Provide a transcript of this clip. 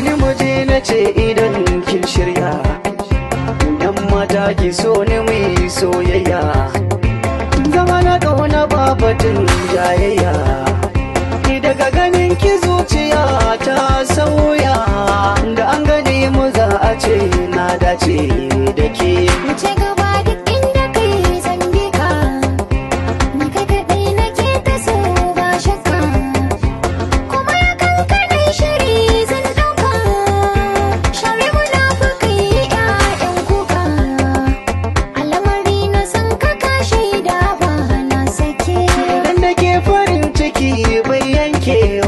Ni muje na ce idan kin shirya yan mata ki so ni mai soyayya zama na ƙauna ba batun jayayya ki daga ganin ki zuciya ta sauya da an gani mu za a ce na dace